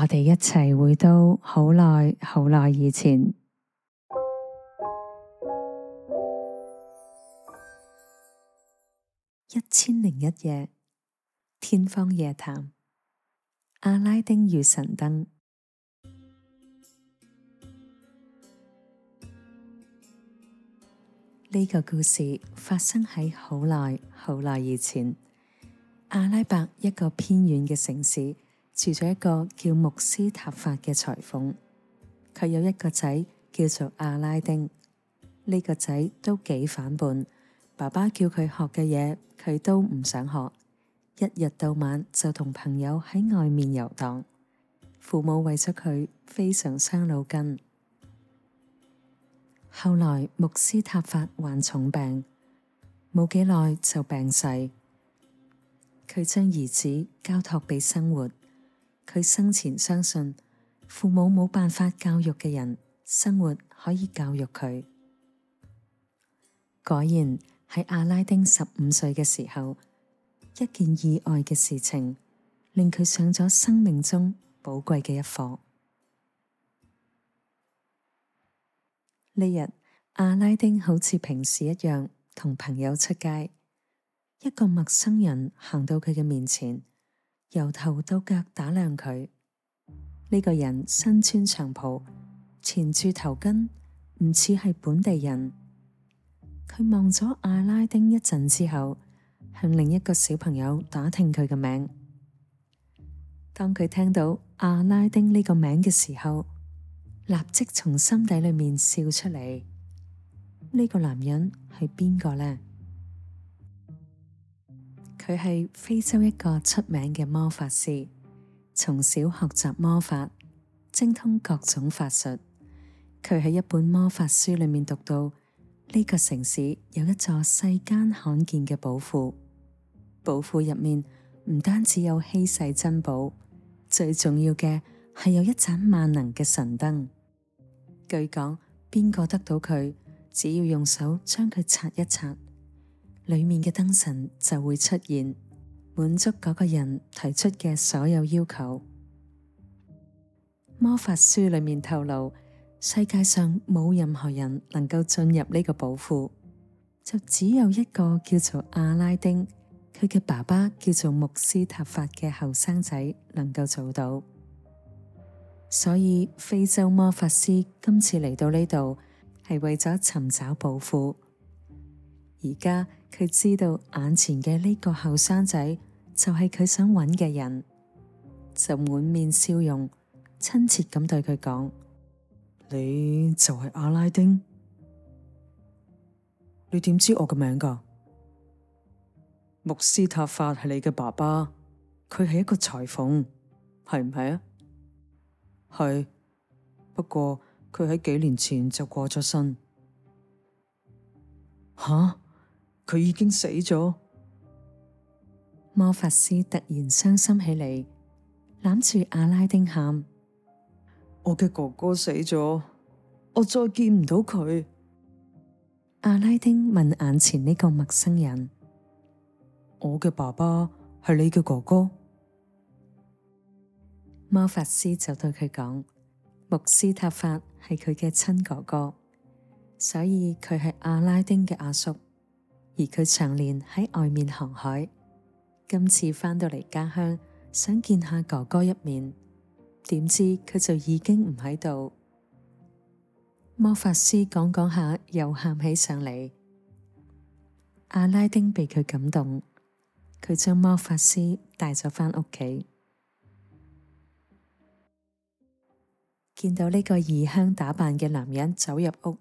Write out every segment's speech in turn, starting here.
我哋一齊回到好耐好耐以前，《一千零一夜》天方夜譚，阿拉丁與神燈。呢個故事發生喺好耐好耐以前，阿拉伯一個偏遠嘅城市。住咗一個叫穆斯塔法嘅裁縫，佢有一個仔叫做阿拉丁。呢個仔都幾反叛，爸爸叫佢學嘅嘢，佢都唔想學。一日到晚就同朋友喺外面遊蕩，父母為咗佢非常傷腦筋。後來穆斯塔法患重病，冇幾耐就病逝，佢將兒子交託俾生活。佢生前相信，父母冇辦法教育嘅人，生活可以教育佢。果然，喺阿拉丁十五歲嘅時候，一件意外嘅事情，令佢上咗生命中寶貴嘅一課。呢日，阿拉丁好似平時一樣同朋友出街，一個陌生人行到佢嘅面前。由頭到腳打量佢，呢個人身穿長袍，纏住頭巾，唔似係本地人。佢望咗阿拉丁一陣之後，向另一個小朋友打聽佢嘅名。當佢聽到阿拉丁呢個名嘅時候，立即從心底裏面笑出嚟。呢個男人係邊個呢？佢係非洲一個出名嘅魔法師，從小學習魔法，精通各種法術。佢喺一本魔法書裏面讀到，呢個城市有一座世間罕見嘅寶庫。寶庫入面唔單止有稀世珍寶，最重要嘅係有一盞萬能嘅神燈。據講，邊個得到佢，只要用手將佢擦一擦。裏面嘅燈神就會出現，滿足嗰個人提出嘅所有要求。魔法書裏面透露，世界上冇任何人能夠進入呢個寶庫，就只有一個叫做阿拉丁，佢嘅爸爸叫做穆斯塔法嘅後生仔能夠做到。所以非洲魔法師今次嚟到呢度，係為咗尋找寶庫。而家佢知道眼前嘅呢個後生仔就係佢想揾嘅人，就滿面笑容、親切咁對佢講：你就係阿拉丁，你點知我嘅名㗎？穆斯塔法係你嘅爸爸，佢係一個裁縫，係唔係啊？係，不過佢喺幾年前就過咗身。吓？佢已經死咗。魔法師突然傷心起嚟，攬住阿拉丁喊：我嘅哥哥死咗，我再見唔到佢。阿拉丁問眼前呢個陌生人：我嘅爸爸係你嘅哥哥？魔法師就對佢講：穆斯塔法係佢嘅親哥哥，所以佢係阿拉丁嘅阿叔。而佢常年喺外面航海，今次返到嚟家鄉，想見下哥哥一面，點知佢就已經唔喺度。魔法師講講下，又喊起上嚟。阿拉丁被佢感動，佢將魔法師帶咗返屋企，見到呢個異鄉打扮嘅男人走入屋。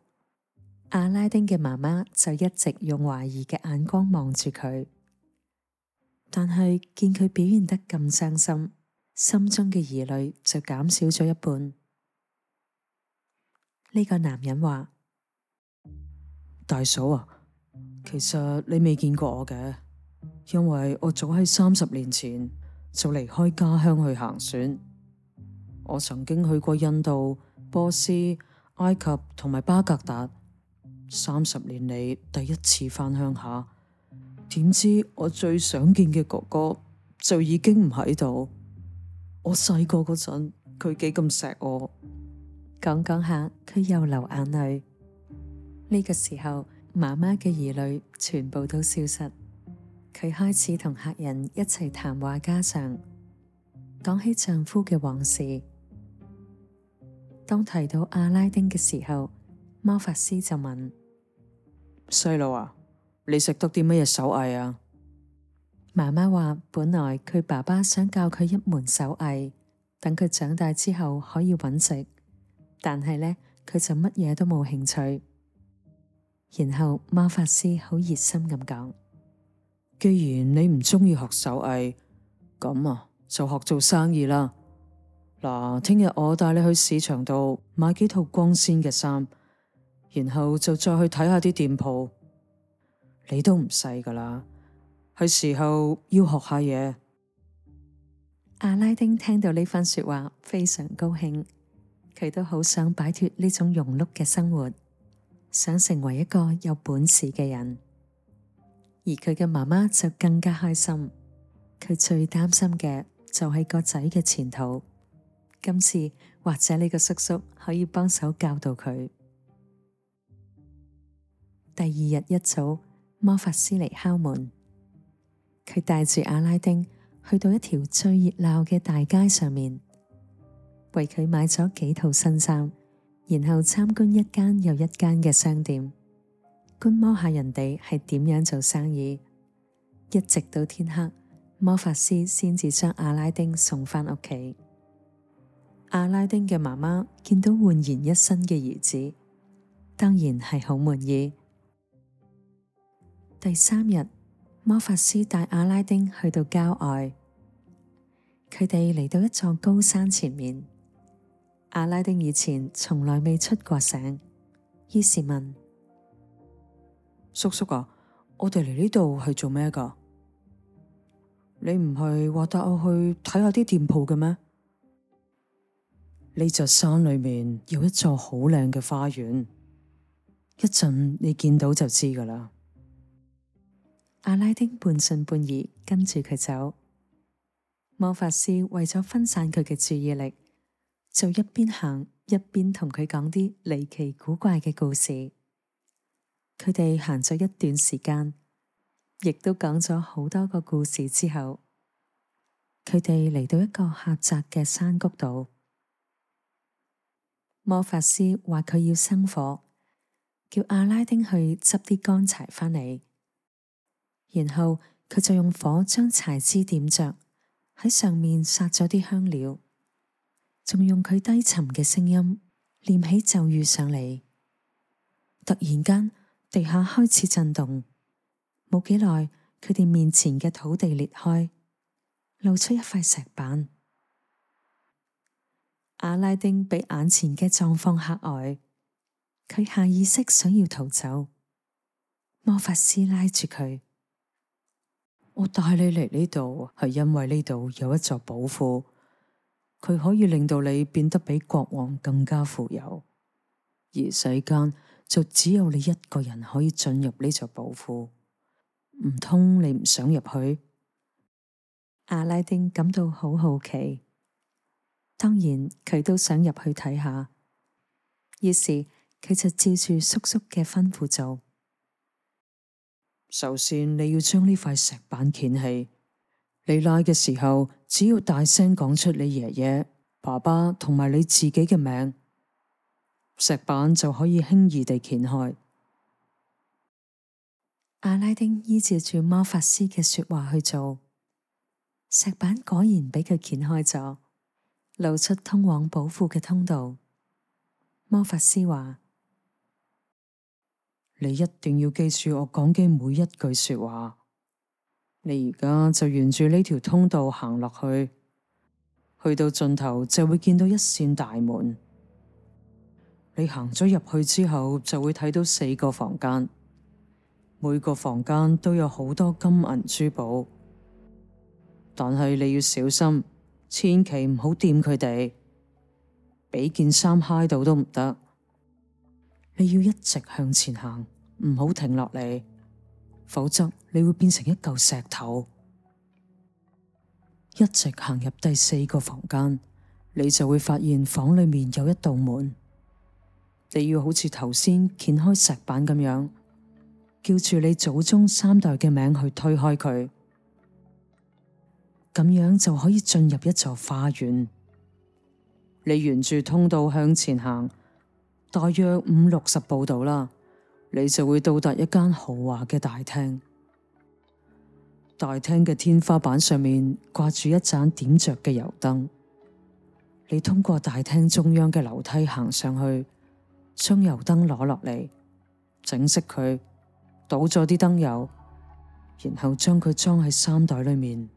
阿拉丁嘅媽媽就一直用懷疑嘅眼光望住佢，但係見佢表現得咁傷心，心中嘅疑慮就減少咗一半。呢個男人話：大嫂啊，其實你未見過我嘅，因為我早喺三十年前就離開家鄉去行船。我曾經去過印度、波斯、埃及同埋巴格達。三十年嚟第一次返鄉下，點知我最想見嘅哥哥就已經唔喺度。我細個嗰陣，佢幾咁錫我。講講下，佢又流眼淚。呢個時候，媽媽嘅疑慮全部都消失。佢開始同客人一齊談話家常，講起丈夫嘅往事。當提到阿拉丁嘅時候，魔法師就問。細路啊，你食得啲乜嘢手藝啊？媽媽話本來佢爸爸想教佢一門手藝，等佢長大之後可以揾食，但係呢，佢就乜嘢都冇興趣。然後魔法師好熱心咁講：既然你唔中意學手藝，咁啊就學做生意啦。嗱，聽日我帶你去市場度買幾套光鮮嘅衫。然後就再去睇下啲店鋪，你都唔細噶啦，係時候要學下嘢。阿拉丁聽到呢番說話，非常高興，佢都好想擺脫呢種庸碌嘅生活，想成為一個有本事嘅人。而佢嘅媽媽就更加開心，佢最擔心嘅就係個仔嘅前途。今次或者你個叔叔可以幫手教導佢。第二日一早，魔法師嚟敲門。佢帶住阿拉丁去到一條最熱鬧嘅大街上面，為佢買咗幾套新衫，然後參觀一間又一間嘅商店，觀摩下人哋係點樣做生意。一直到天黑，魔法師先至將阿拉丁送返屋企。阿拉丁嘅媽媽見到煥然一新嘅兒子，當然係好滿意。第三日，魔法師帶阿拉丁去到郊外。佢哋嚟到一座高山前面。阿拉丁以前從來未出過省，於是問：叔叔啊，我哋嚟呢度係做咩㗎？你唔係話帶我去睇下啲店鋪嘅咩？呢 座山裏面有一座好靚嘅花園，一陣你見到就知噶啦。阿拉丁半信半疑跟住佢走，魔法師為咗分散佢嘅注意力，就一邊行一邊同佢講啲離奇古怪嘅故事。佢哋行咗一段時間，亦都講咗好多個故事之後，佢哋嚟到一個狹窄嘅山谷度。魔法師話佢要生火，叫阿拉丁去執啲乾柴返嚟。然後佢就用火將柴枝點着，喺上面撒咗啲香料，仲用佢低沉嘅聲音念起咒語上嚟。突然間，地下開始震動，冇幾耐，佢哋面前嘅土地裂開，露出一塊石板。阿拉丁被眼前嘅狀況嚇呆，佢下意識想要逃走。魔法師拉住佢。我帶你嚟呢度係因為呢度有一座寶庫，佢可以令到你變得比國王更加富有，而世間就只有你一個人可以進入呢座寶庫。唔通你唔想入去？阿拉丁感到好好奇，當然佢都想入去睇下，於是佢就照住叔叔嘅吩咐做。首先，你要將呢塊石板掀起，你拉嘅時候，只要大聲講出你爺爺、爸爸同埋你自己嘅名，石板就可以輕易地掀開。阿拉丁依照住魔法師嘅說話去做，石板果然俾佢掀開咗，露出通往寶庫嘅通道。魔法師話。你一定要記住我講嘅每一句說話。你而家就沿住呢條通道行落去，去到盡頭就會見到一扇大門。你行咗入去之後，就會睇到四個房間，每個房間都有好多金銀珠寶。但係你要小心，千祈唔好掂佢哋，畀件衫揩到都唔得。你要一直向前行，唔好停落嚟，否則你會變成一嚿石頭。一直行入第四個房間，你就會發現房裏面有一道門。你要好似頭先掀開石板咁樣，叫住你祖宗三代嘅名去推開佢，咁樣就可以進入一座花園。你沿住通道向前行。大約五六十步到啦，你就會到達一間豪華嘅大廳。大廳嘅天花板上面掛住一盞點着嘅油燈。你通過大廳中央嘅樓梯行上去，將油燈攞落嚟，整熄佢，倒咗啲燈油，然後將佢裝喺衫袋裏面，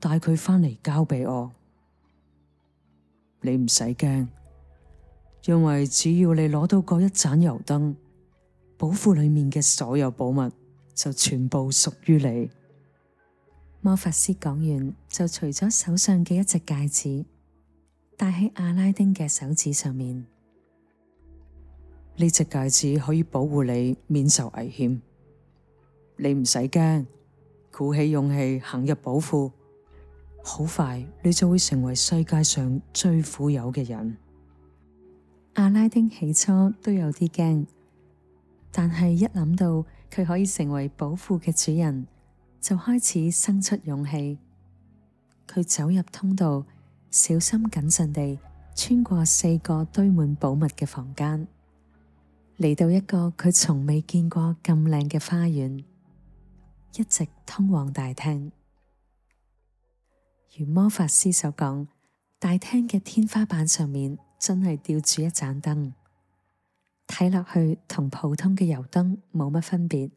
帶佢返嚟交俾我。你唔使驚。因為只要你攞到嗰一盞油燈，寶庫裏面嘅所有寶物就全部屬於你。魔法師講完就除咗手上嘅一隻戒指，戴喺阿拉丁嘅手指上面。呢隻戒指可以保護你免受危險。你唔使驚，鼓起勇氣行入寶庫，好快你就會成為世界上最富有嘅人。阿拉丁起初都有啲驚，但係一諗到佢可以成為寶庫嘅主人，就開始生出勇氣。佢走入通道，小心謹慎地穿過四個堆滿寶物嘅房間，嚟到一個佢從未見過咁靚嘅花園，一直通往大廳。如魔法師所講，大廳嘅天花板上面，真係吊住一盞燈，睇落去同普通嘅油燈冇乜分別。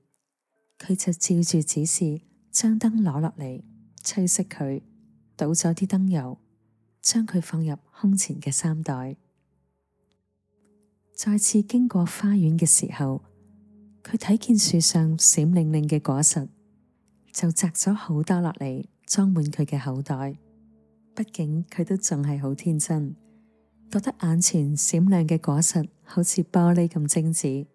佢就照住指示，將燈攞落嚟，吹熄佢，倒咗啲燈油，將佢放入胸前嘅衫袋。再次經過花園嘅時候，佢睇見樹上閃令令嘅果實，就摘咗好多落嚟，裝滿佢嘅口袋。畢竟佢都仲係好天真。覺得眼前閃亮嘅果實好似玻璃咁精緻，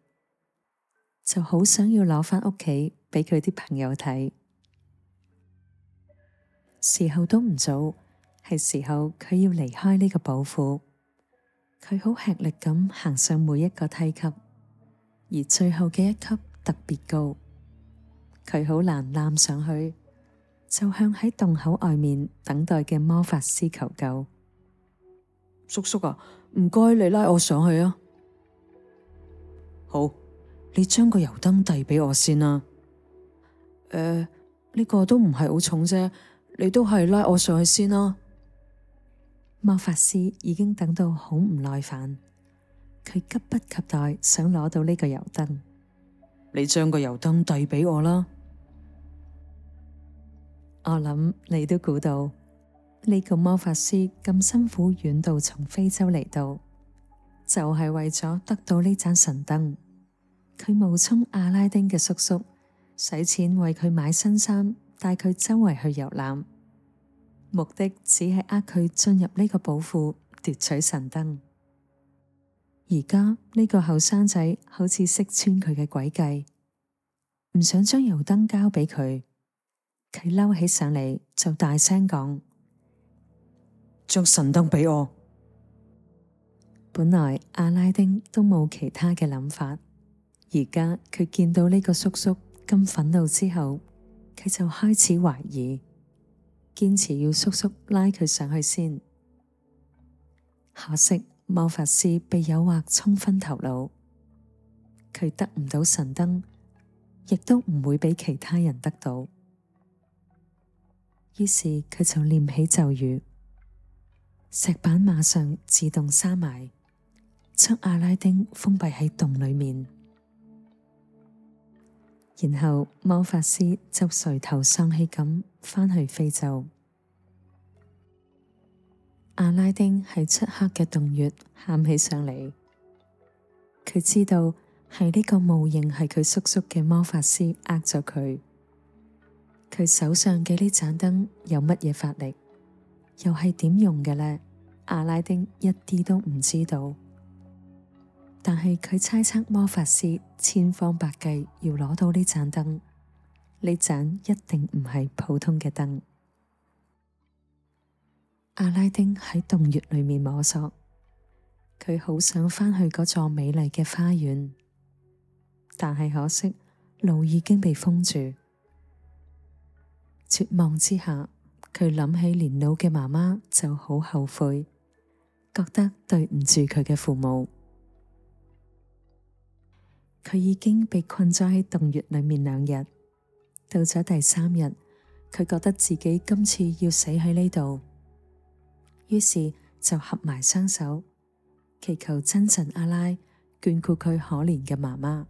就好想要攞返屋企畀佢啲朋友睇。時候都唔早，係時候佢要離開呢個寶庫。佢好吃力咁行上每一個梯級，而最後嘅一級特別高，佢好難攬上去，就向喺洞口外面等待嘅魔法師求救。叔叔啊，唔該，你拉我上去啊。好，你將個油燈遞畀我先啦。誒，呢個都唔係好重啫，你都係拉我上去先啦。魔法師已經等到好唔耐煩，佢急不及待想攞到呢個油燈。你將個油燈遞畀我啦。我諗你都估到。呢個魔法師咁辛苦，遠道從非洲嚟到，就係為咗得到呢盞神燈。佢冒充阿拉丁嘅叔叔，使錢為佢買新衫，帶佢周圍去遊覽，目的只係呃佢進入呢個寶庫奪取神燈。而家呢個後生仔好似識穿佢嘅詭計，唔想將油燈交俾佢，佢嬲起上嚟就大聲講。將神燈俾我。本來阿拉丁都冇其他嘅諗法，而家佢見到呢個叔叔咁憤怒之後，佢就開始懷疑，堅持要叔叔拉佢上去先。可惜魔法師被誘惑沖昏頭腦，佢得唔到神燈，亦都唔會俾其他人得到。於是佢就念起咒語。石板馬上自動閂埋，將阿拉丁封閉喺洞裏面。然後魔法師就垂頭喪氣咁返去非洲。阿拉丁喺漆黑嘅洞穴喊起上嚟，佢知道係呢個冒認係佢叔叔嘅魔法師呃咗佢。佢手上嘅呢盞燈有乜嘢法力，又係點用嘅呢？阿拉丁一啲都唔知道，但係佢猜測魔法師千方百計要攞到呢盞燈，呢盞一定唔係普通嘅燈。阿拉丁喺洞穴裏面摸索，佢好想返去嗰座美麗嘅花園，但係可惜路已經被封住。絕望之下，佢諗起年老嘅媽媽，就好後悔。覺得對唔住佢嘅父母，佢已經被困咗喺洞穴裏面兩日。到咗第三日，佢覺得自己今次要死喺呢度，於是就合埋雙手，祈求真神阿拉眷顧佢可憐嘅媽媽。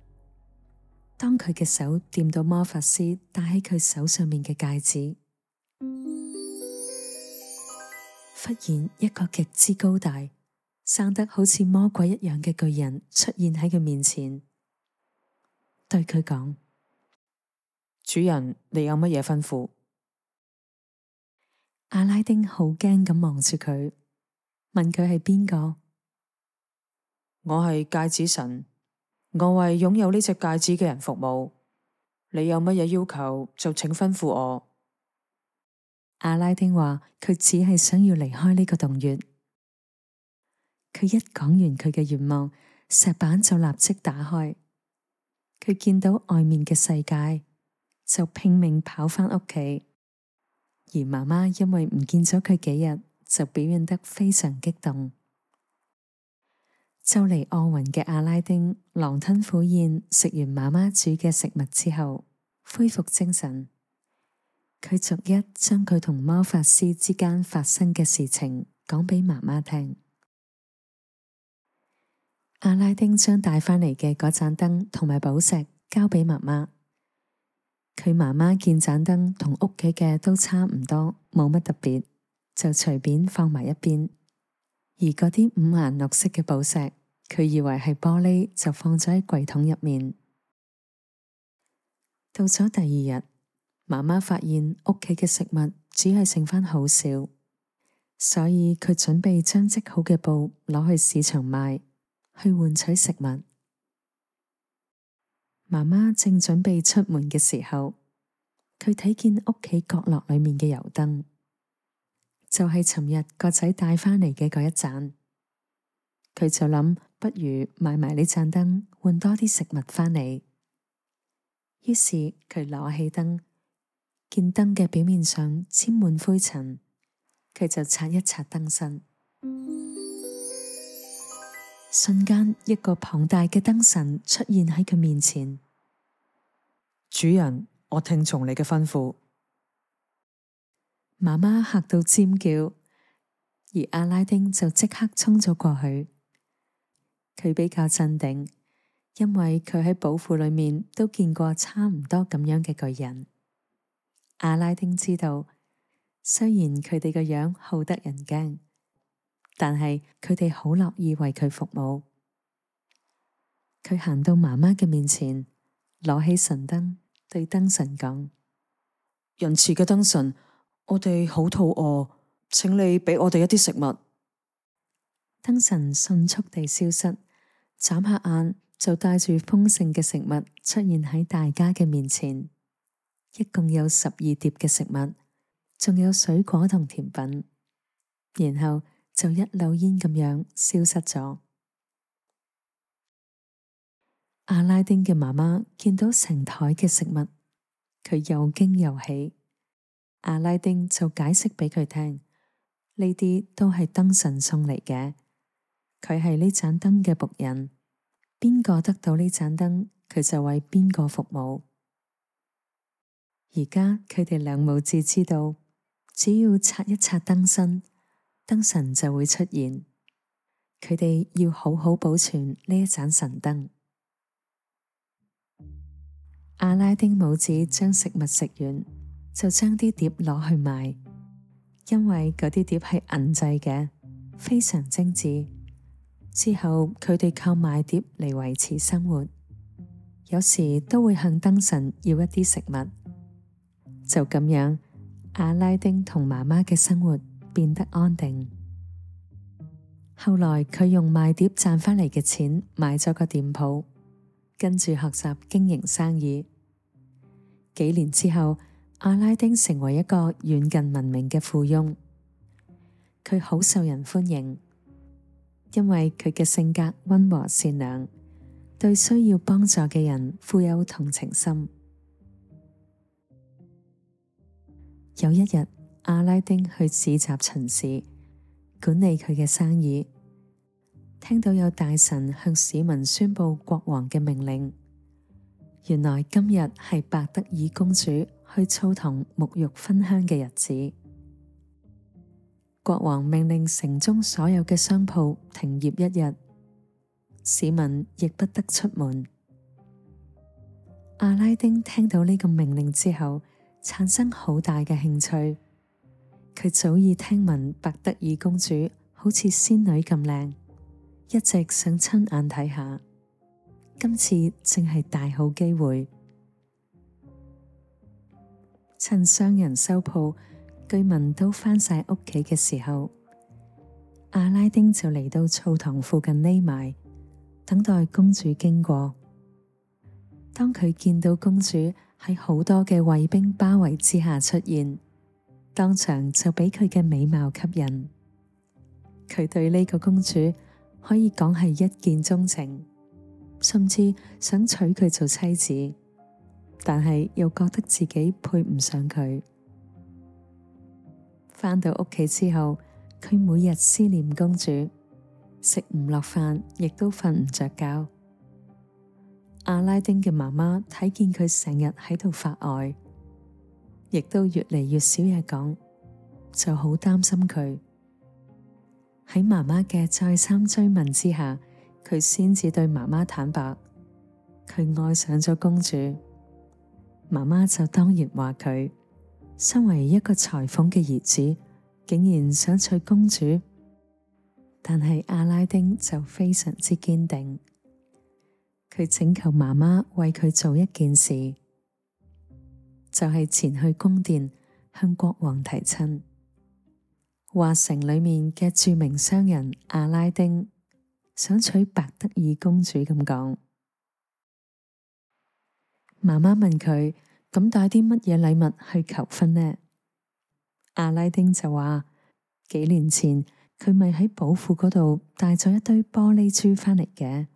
當佢嘅手掂到魔法師戴喺佢手上面嘅戒指，忽然，一個極之高大、生得好似魔鬼一樣嘅巨人出現喺佢面前，對佢講：主人，你有乜嘢吩咐？阿拉丁好驚咁望住佢，問佢係邊個？我係戒指神，我為擁有呢隻戒指嘅人服務。你有乜嘢要求，就請吩咐我。阿拉丁話：佢只係想要離開呢個洞穴。佢一講完佢嘅願望，石板就立即打開。佢見到外面嘅世界，就拼命跑返屋企。而媽媽因為唔見咗佢幾日，就表現得非常激動。就嚟餓暈嘅阿拉丁狼吞虎嚥食完媽媽煮嘅食物之後，恢復精神。佢逐一將佢同魔法師之間發生嘅事情講俾媽媽聽。阿拉丁將帶返嚟嘅嗰盞燈同埋寶石交俾媽媽。佢媽媽見盞燈同屋企嘅都差唔多，冇乜特別，就隨便放埋一邊。而嗰啲五顏六色嘅寶石，佢以為係玻璃，就放咗喺櫃桶入面。到咗第二日。媽媽發現屋企嘅食物只係剩翻好少，所以佢準備將織好嘅布攞去市場賣，去換取食物。媽媽正準備出門嘅時候，佢睇見屋企角落裏面嘅油燈，就係尋日個仔帶返嚟嘅嗰一盞。佢就諗，不如買埋呢盞燈，換多啲食物返嚟。於是佢攞起燈。見燈嘅表面上沾滿灰塵，佢就擦一擦燈身。瞬間，一個龐大嘅燈神出現喺佢面前。主人，我聽從你嘅吩咐。媽媽嚇到尖叫，而阿拉丁就即刻衝咗過去。佢比較鎮定，因為佢喺寶庫裏面都見過差唔多咁樣嘅巨人。阿拉丁知道，雖然佢哋個樣好得人驚，但係佢哋好樂意為佢服務。佢行到媽媽嘅面前，攞起神燈，對燈神講：「仁慈嘅燈神，我哋好肚餓，請你俾我哋一啲食物。」燈神迅速地消失，眨下眼就帶住豐盛嘅食物出現喺大家嘅面前。一共有十二碟嘅食物，仲有水果同甜品，然後就一溜煙咁樣消失咗。阿拉丁嘅媽媽見到成台嘅食物，佢又驚又喜。阿拉丁就解釋俾佢聽，呢啲都係燈神送嚟嘅，佢係呢盞燈嘅僕人，邊個得到呢盞燈，佢就為邊個服務。而家佢哋兩母子知道，只要擦一擦燈身，燈神就會出現。佢哋要好好保存呢一盞神燈。阿拉丁母子將食物食完，就將啲碟攞去賣，因為嗰啲碟係銀製嘅，非常精緻。之後佢哋靠賣碟嚟維持生活，有時都會向燈神要一啲食物。就咁樣，阿拉丁同媽媽嘅生活變得安定。後來佢用賣碟賺返嚟嘅錢買咗個店鋪，跟住學習經營生意。幾年之後，阿拉丁成為一個遠近聞名嘅富翁。佢好受人歡迎，因為佢嘅性格溫和善良，對需要幫助嘅人富有同情心。有一日，阿拉丁去市集巡視，管理佢嘅生意，聽到有大臣向市民宣布國王嘅命令。原來今日係白德爾公主去澡堂沐浴熏香嘅日子，國王命令城中所有嘅商鋪停業一日，市民亦不得出門。阿拉丁聽到呢個命令之後，產生好大嘅興趣，佢早已聽聞白德爾公主好似仙女咁靚，一直想親眼睇下。今次正係大好機會，趁商人收鋪、居民都翻晒屋企嘅時候，阿拉丁就嚟到澡堂附近匿埋，等待公主經過。當佢見到公主，喺好多嘅衛兵包圍之下出現，當場就俾佢嘅美貌吸引。佢對呢個公主可以講係一見鍾情，甚至想娶佢做妻子，但係又覺得自己配唔上佢。返到屋企之後，佢每日思念公主，食唔落飯，亦都瞓唔着覺。阿拉丁嘅媽媽睇見佢成日喺度發呆，亦都越嚟越少嘢講，就好擔心佢。喺媽媽嘅再三追問之下，佢先至對媽媽坦白，佢愛上咗公主。媽媽就當然話佢身為一個裁縫嘅兒子，竟然想娶公主，但係阿拉丁就非常之堅定。佢請求媽媽為佢做一件事，就係前去宮殿向國王提親，話城裏面嘅著名商人阿拉丁想娶白德爾公主咁講。媽媽問佢，咁帶啲乜嘢禮物去求婚呢？阿拉丁就話幾年前佢咪喺寶庫嗰度帶咗一堆玻璃珠返嚟嘅。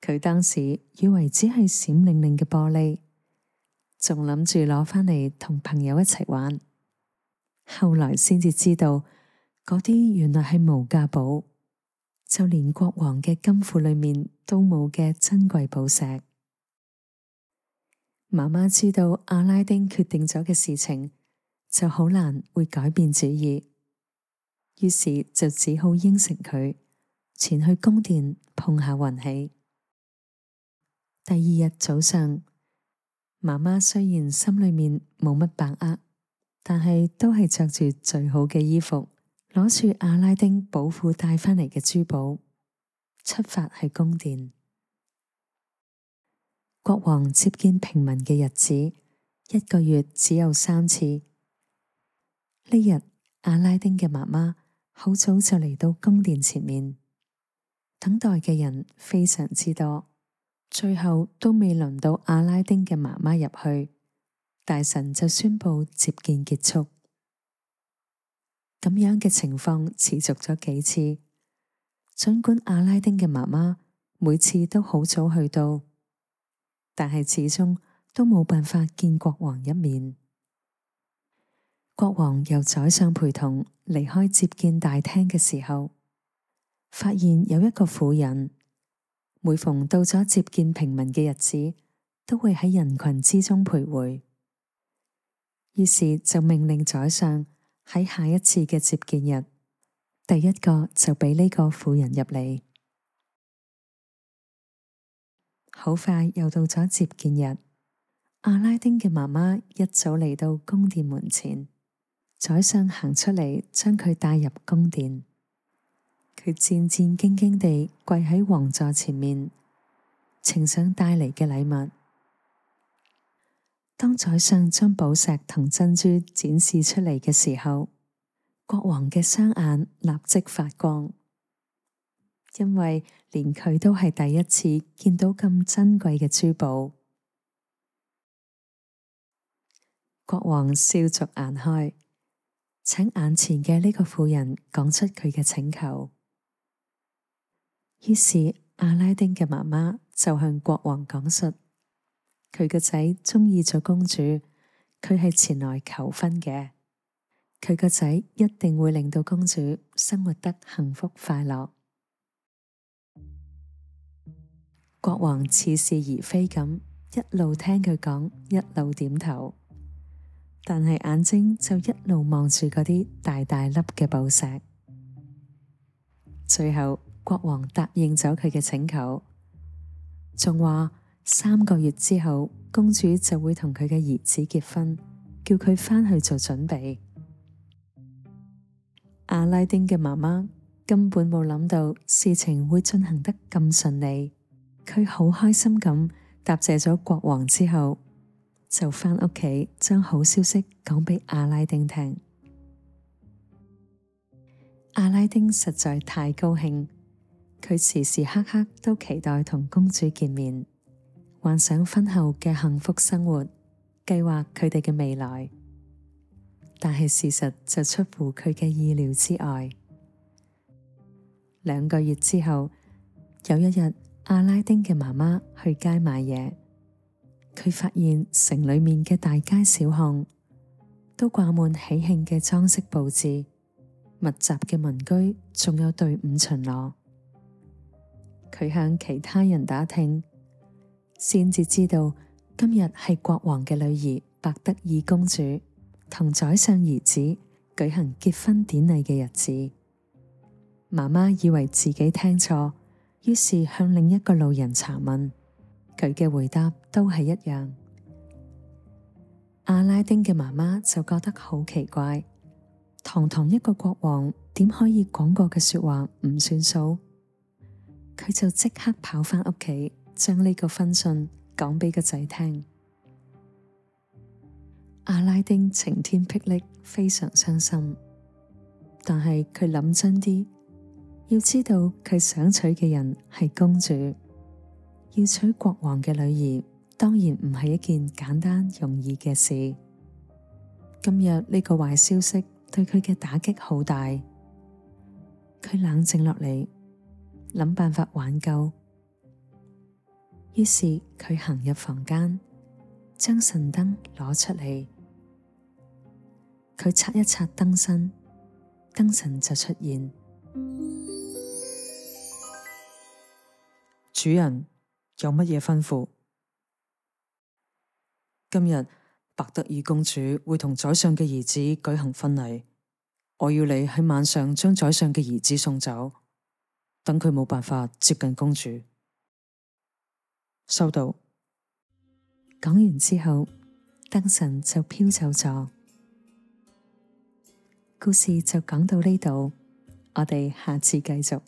佢當時以為只係閃靈靈嘅玻璃，仲諗住攞返嚟同朋友一齊玩。後來先至知道嗰啲原來係無價寶，就連國王嘅金庫裏面都冇嘅珍貴寶石。媽媽知道阿拉丁決定咗嘅事情，就好難會改變主意，於是就只好應承佢，前去宮殿碰下運氣。第二日早上，媽媽雖然心裏面冇乜把握，但係都係着住最好嘅衣服，攞住阿拉丁寶庫帶翻嚟嘅珠寶，出發去宮殿。國王接見平民嘅日子，一個月只有三次。呢日，阿拉丁嘅媽媽好早就嚟到宮殿前面，等待嘅人非常之多。最後都未輪到阿拉丁嘅媽媽入去，大臣就宣布接見結束。咁樣嘅情況持續咗幾次，盡管阿拉丁嘅媽媽每次都好早去到，但係始終都冇辦法見國王一面。國王由宰相陪同離開接見大廳嘅時候，發現有一個婦人，每逢到咗接見平民嘅日子，都會喺人群之中徘徊。於是就命令宰相喺下一次嘅接見日，第一個就俾呢個婦人入嚟。好快又到咗接見日，阿拉丁嘅媽媽一早嚟到宮殿門前，宰相行出嚟將佢帶入宮殿。佢戰戰兢兢地跪喺王座前面，呈上帶嚟嘅禮物。當宰相將寶石同珍珠展示出嚟嘅時候，國王嘅雙眼立即發光，因為連佢都係第一次見到咁珍貴嘅珠寶。國王笑逐顏開，請眼前嘅呢個婦人講出佢嘅請求。於是阿拉丁嘅媽媽就向國王講述，佢個仔鍾意咗公主，佢係前來求婚嘅，佢個仔一定會令到公主生活得幸福快樂。國王似是而非咁一路聽佢講，一路點頭，但係眼睛就一路望住嗰啲大大粒嘅寶石，最後。國王答應咗佢嘅請求，仲話三個月之後公主就會同佢嘅兒子結婚，叫佢返去做準備。阿拉丁嘅媽媽根本冇諗到事情會進行得咁順利，佢好開心咁答謝咗國王之後，就返屋企將好消息講畀阿拉丁聽。阿拉丁實在太高興。佢時時刻刻都期待同公主見面，幻想婚後嘅幸福生活，計劃佢哋嘅未來。但係事實就出乎佢嘅意料之外。兩個月之後，有一日，阿拉丁嘅媽媽去街買嘢，佢發現城裏面嘅大街小巷都掛滿喜慶嘅裝飾布置，密集嘅民居仲有隊伍巡邏。佢向其他人打聽，先至知道今日係國王嘅女兒白德爾公主同宰相兒子舉行結婚典禮嘅日子。媽媽以為自己聽錯，於是向另一個路人查問，佢嘅回答都係一樣。阿拉丁嘅媽媽就覺得好奇怪，堂堂一個國王，點可以講過嘅說話唔算數？佢就即刻跑返屋企，將呢個婚訊講畀個仔聽。阿拉丁晴天霹靂，非常傷心。但係佢諗真啲，要知道佢想娶嘅人係公主，要娶國王嘅女兒，當然唔係一件簡單容易嘅事。今日呢個壞消息對佢嘅打擊好大，佢冷靜落嚟。諗辦法挽救，於是佢行入房間，將神燈攞出嚟。佢擦一擦燈身，燈神就出現。主人，有乜嘢吩咐？今日白德爾公主會同宰相嘅兒子舉行婚禮，我要你喺晚上將宰相嘅兒子送走。等佢冇辦法接近公主。收到。講完之後，燈神就飄走咗。故事就講到呢度，我哋下次繼續。